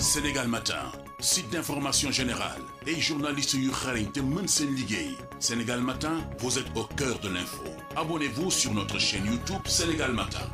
Sénégal Matin site d'information générale et journaliste yu xarañ te mën seen liggéey Sénégal Matin vous êtes au cœur de l'info abonnez-vous sur notre chaîne YouTube Sénégal Matin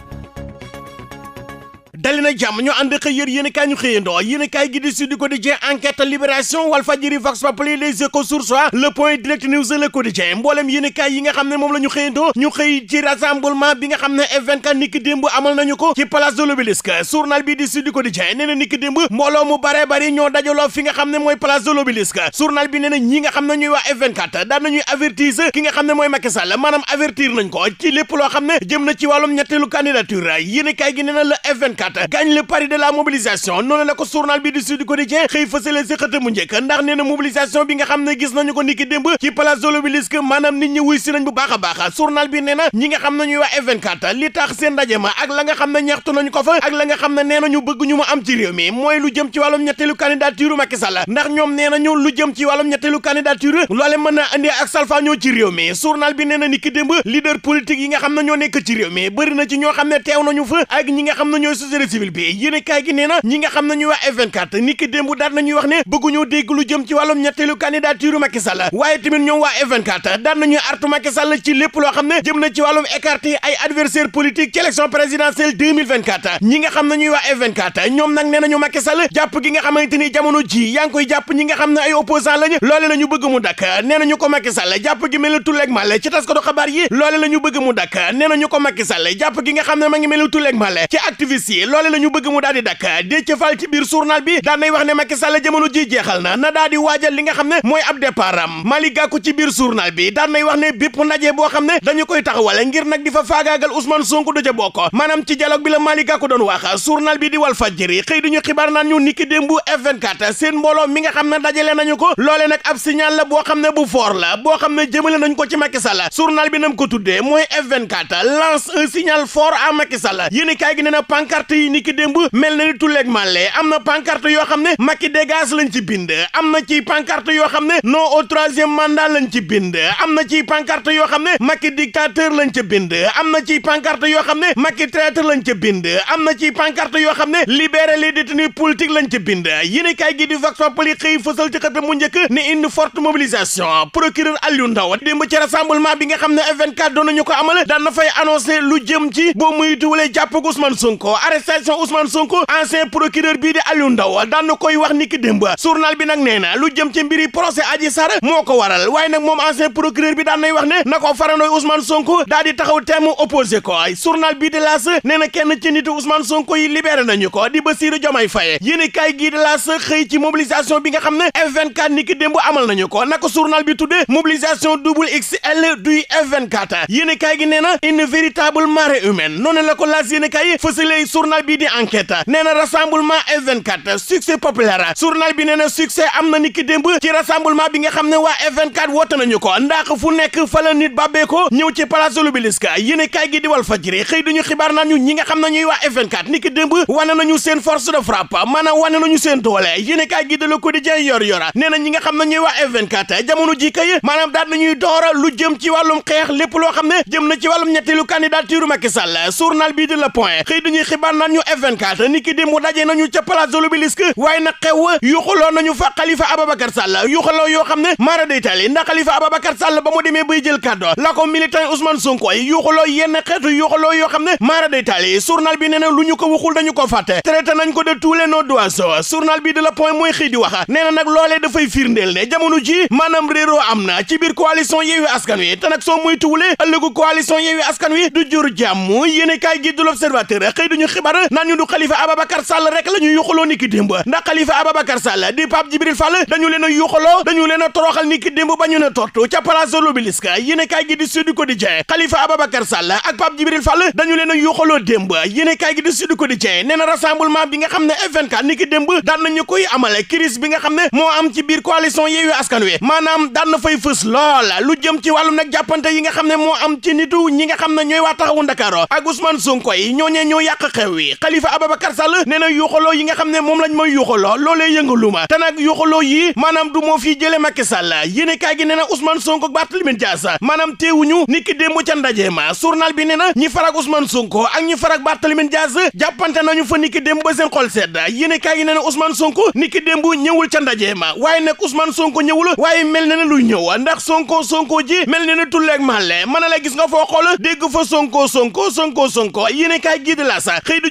dali na jàmm ñu ànd xëy yér yéen i kaay ñu xëyandoo yéen i kaay gi di Sud Quotidien enquête libération Walf Fadjri Vox Populi Les Échos Source A Le Point Direct News Le Quotidien mbooleem yéen i kaay yi nga xam ne moom la ñu xëyandoo ñu xëy ci rassemblement bi nga xam ne F24 niki démb amal nañu ko ci place de l'Obélisque journal bi di Sud Quotidien nee mu bare bari ñoo dajaloo fi nga xam ne mooy place de l'Obélisque journal bi nee na ñi nga xam ne ñuy waa F24 daan nañuy avertise ki nga xam ne mooy Macky Sall maanaam avertir nañ ko ci lépp loo xam ne jëm na ci wàllum ñetteelu candidature yéen i kaay na le f 2024 gagne le pari de la mobilisation noonu la ko journal bi di Sud Quotidien xëy fësale si xët mu ndax nee na mobilisation bi nga xam ne gis nañu ko niki démb ci place de l'Obélisque maanaam nit ñi wuy si nañ bu baax a baax bi nee na ñi nga xam ne ñuy waa f li tax seen ma ak la nga xam ne ñaxtu nañu ko fa ak la nga xam ne nee na ñu bëgg ñu mu am ci réew mi mooy lu jëm ci wàllum ñetteelu candidature Macky Sall ndax ñoom nee nañu lu jëm ci wàllum ñetteelu candidature ñoo nekk ci réew société civile gi nee na ñi nga xam ne ñuy wax F24 ni ki démb daat nañuy wax ne bëgguñoo dégg lu jëm ci wàllum ñetteelu candidature Macky waaye tamit ñoom waa F24 daat nañuy artu Macky ci lépp loo xam ne jëm na ci wàllum écarté ay adversaire politique ci élection présidentielle 2024 ñi xam ne ñuy waa F24 ñoom nag nee nañu ñu bëgg jàpp gi mel ni tulleeg male ci tas ko do yi loole la ñu bëgg mu dakk nee nañu ko Macky loole la ñu bëgg mu daal di dakk Déthié Fall ci biir journal bi daan nay wax ne Macky Sall ji jeexal na na daal di waajal li nga xam ne mooy ab départ am Malick ci biir journal bi daan nay wax ne bépp ndaje boo xam ne dañu koy taxawale ngir nag di fa faagaagal Ousmane Sonko du ca bokk maanaam ci dialogue bi la Malick Gakou doon wax journal bi di Walf Fadjri xëy duñu xibaar naan ñu niki démb F24 seen mbooloo mi nga xam ne dajale nañu ko loole nag ab signal la boo xam ne bu la boo xam ne jëmale nañ ko ci Macky Sall journal bi nam ko tuddee mooy F24 lance un signal fort à Macky Sall yéen yi ni ki démb mel na ni tulleeg màlle am na pancarte yoo xam ne Macky dégage lañ ci bind am na ci pancarte yoo xam ne non au troisième mandat lañ ci bind am na ci pancarte yoo xam ne Macky dictateur lañ ca bind am na ci pancarte yoo xam ne Macky traître lañ ca bind am na ci pancarte yoo xam ne libérer les détenus politiques lañ ca bind yéen kay gi di vox populi xëy ci xët mu njëkk ne une forte mobilisation procureur Aliou Ndao démb ci rassemblement bi nga xam ne F24 doon nañu arrestation Ousmane Sonko ancien procureur bii di Aliou Ndao bi nag nee na lu jëm ci mbiri procès Adji moo ko waral waaye nag moom ancien procureur bi daan nay wax ne na ko farandooy Ousmane Sonko daa di taxaw temm opposé ko journal bii di laas nee na kenn ci nitu ko di Bassirou Diomaye Faye yéen kay gii di laas xëy ci mobilisation ne F24 ni ki démb amal nañu ko naka journal bi tudde mobilisation double XL du F24 yéen kay gi nee na véritable marée humaine noonu la ko laas yéen kay fësalee journal journal bii di enquête nee na rassemblement am na ni ki démb ci rassemblement bi nga xam ne waa F24 woote nañu ko ndax fu nekk fa la nit ñëw ci place de l'Obélisque yéene kaay gi di Walf Fadjri xëy duñu xibaar naan ñu ñi nga xam ne ñuy waa F24 ni ki démb wane nañu seen force de frappe maanaam wane nañu seen doole yéene kaay gi de Le yor yora nee ñi nga xam ne ñuy waa F24 jamono ji kay maanaam daal nañuy na ci wàllum naan ñu F24 ni ki di mu daje nañu ca place de l'Obélisque waaye nag xew yuxuloo nañu fa Khalifa Ababacar Sall yuxuloo yoo xam ne mara day tali ndax Khalifa Ababacar Sall ba mu bay jël kàddu la ko militant Ousmane Sonko yuxuloo yenn xeetu yuxuloo yoo xam ne mara day tali journal bi nee lu ñu ko waxul dañu ko fàtte traité nañ ko de tous les noms d'oiseaux journal bi de la point mooy xëy wax nee na nag loolee dafay firndeel ne jamono ji maanaam réeroo Dakar naan ñu du Khalifa Ababacar Sall rek la ñu yuxaloo ni ki démb ndax Khalifa Ababacar Sall di Pape Djibril Fall dañu leen a yuxaloo dañu leen toroxal ni ki démb ba ñu ne tortu ca place de l'Obélisque yéene kaay gi di Sud Quotidien Khalifa Ababacar Sall ak Pape Djibril Fall dañu leen a yuxaloo démb yéene kaay gi di Sud Quotidien nee na bi nga xam ne F24 ni ki démb daan nañu koy amale crise bi nga xam ne moo am ci biir coalition yi nga xam ne moo am ci ne ñooy waa taxawu wi Khalifa Ababacar Sall nee na yuuxaloo yi nga xam ne moom lañ mooy yuuxaloo loolee yëngalu ma te nag yuuxaloo yi maanaam du moo fii jële Macky Sall yéene kaay gi nee na Ousmane Sonko ak Barthélémy Dias maanaam teewuñu ni ki démb ca ndaje ma journal bi nee ñi farak Ousmane Sonko ak ñi farak Barthélémy Dias jàppante nañu fa ni ki démb ba xol sedd yéene kaay gi nee na Sonko ni ki démb ñëwul ca ma waaye nag Ousmane Sonko ñëwul waaye mel na ne luy ñëw ndax Sonko Sonko na ne tulleeg màlle mën na la gis nga foo xool dégg fa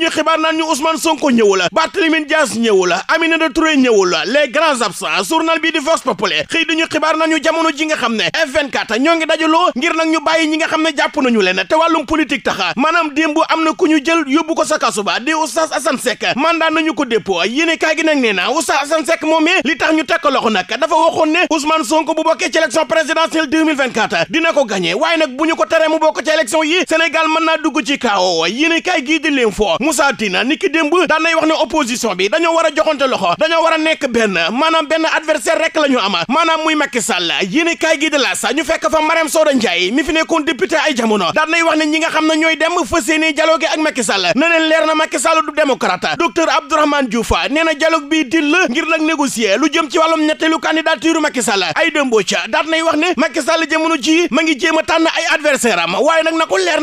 ñu xibaar naan ñu Ousmane Sonko ñëwu la Barthélémy Dias ñëwu la Aminata Touré ñëwu la les grands absents journal bii di Vox Populi xëy di ñu xibaar naan ñu jamono ji nga xam ne F24 ñoo ngi loo ngir nag ñu bàyyi ñi nga xam ne jàpp nañu leen te wàllum politique taxa maanaam démb am na ku ñu jël yóbbu ko sa kasu ba di Oustaz Assane Seck daan nañu ko dépôt yéene kaay gi nag nee na Oustaz Assane Seck moom li tax ñu tekk loxo nek dafa waxoon ne Ousmane Sonko bu bokkee ci élection présidentielle 2024 dina ko gagné waaye nag bu ñu ko teree mu bokk ci élection yi mën naa dugg ci kaawoo kaay gii di leen foo Moussa Tine ni ki démb daan nay wax ne opposition bi dañoo war a joxante loxo dañoo war a nekk benn maanaam benn adversaire rek la ñu am maanaam muy Macky Sall yéene kaay gi de la sa ñu fekk fa Marème Soda Ndiaye mi fi nekkoon député ay jamono daan nay wax ne ñi nga xam ne ñooy dem fas yéene dialogue ak Macky Sall na leen leer na Macky Sall du démocrate docteur Abdourahmane Diouf nee na dialogue bii dil la ngir nag négocier lu jëm ci wàllum ñetteelu candidature Macky a tànn ay adversaire am waaye na ko leer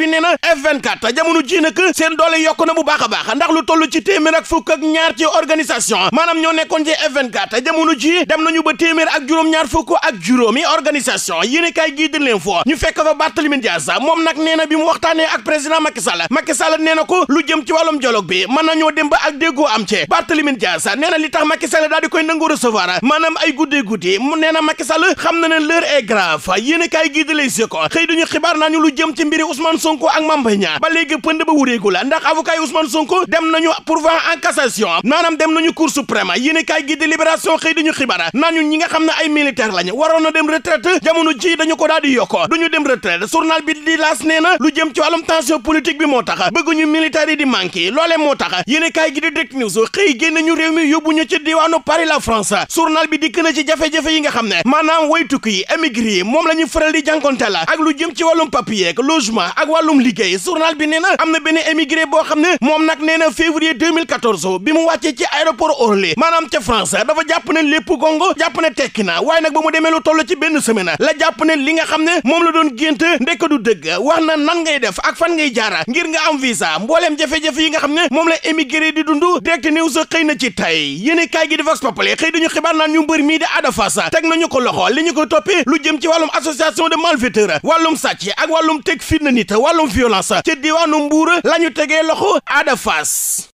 bi nee na 2024 jamono ji nag seen doole yokk na bu baax a ndax lu toll ci téeméer ak fukk ak ñaar ci organisation maanaam ñoo nekkoon ci F24 jamono ji dem nañu ba téeméer ak juróom-ñaar fukk ak juróomi organisation yéen kaay gii di leen foo ñu fekk fa Barthélémy Dias moom nag nee na bi mu waxtaanee ak président Macky Sall Macky nee na ko lu jëm ci wàllum dialogue bi mën nañoo dem ba ak déggoo am ci Barthélémy Dias nee na li tax Macky Sall daal di koy nangu recevoir maanaam ay guddee guddi mu nee na Macky Sall xam na ne l'heure est grave yéen kaay gii di leen si ko xëy lu jëm ci mbiri Ousmane Sonko ak Mame Mbaye ñaar ba léegi pënd ba wureeku la ndax avocat yi Ousmane Sonko dem nañu pourvoi en cassation maanaam dem nañu cour suprême yéene kaay gi di libération xëy di ñu xibaar nañu ñi nga xam ne ay militaire lañu waroon na dem retraite jamono ji dañu ko daal di yokko duñu dem retraite journal bi di laas na lu jëm ci wàllum tension politique bi moo tax bëgguñu militaire yi di manqué loole moo tax yéene kaay gi di direct news xëy génn ñu réew mi yóbbu ñu ci diwaanu Paris la France journal bi dikk na ci jafe yi nga xam ne maanaam woytukki yi émigré yi moom la ñu faral di jànkonte la ak lu jëm ci wàllum papier ak logement ak wàllum liggéey journal bi nee na am na benn émigré boo xam ne moom nag nee na février 2014 bi mu wàccee ci aéroport Orly maanaam ca France dafa jàpp ne lépp gongo jàpp ne tekki na waaye nag ba mu demee lu toll ci benn semaine la jàpp ne li nga xam ne moom la doon gént ndekk du dëgg wax na nan ngay def ak fan ngay jaara ngir nga am visa mbooleem jafe-jafe yi nga xam ne moom la émigré di dund direct news xëy na ci tay yéene kaay gi di vox populi xëy dañu xibaar naan ñu mbër mii di Ada Fass teg nañu ko loxo li ñu ko toppi lu jëm ci wàllum association de malfaiteurs wàllum sàcc ak wàllum teg fitna nit wàllum violence Fass ca diwaanu Mbour la ñu tegee loxo Ada Fass.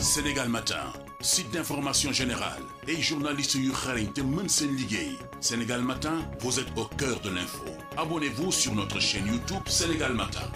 Sénégal Matin site d'information générale et journaliste yu xarañ te mën seen liggéey Sénégal Matin vous êtes au cœur de l'info abonnez-vous sur notre chaîne YouTube Sénégal Matin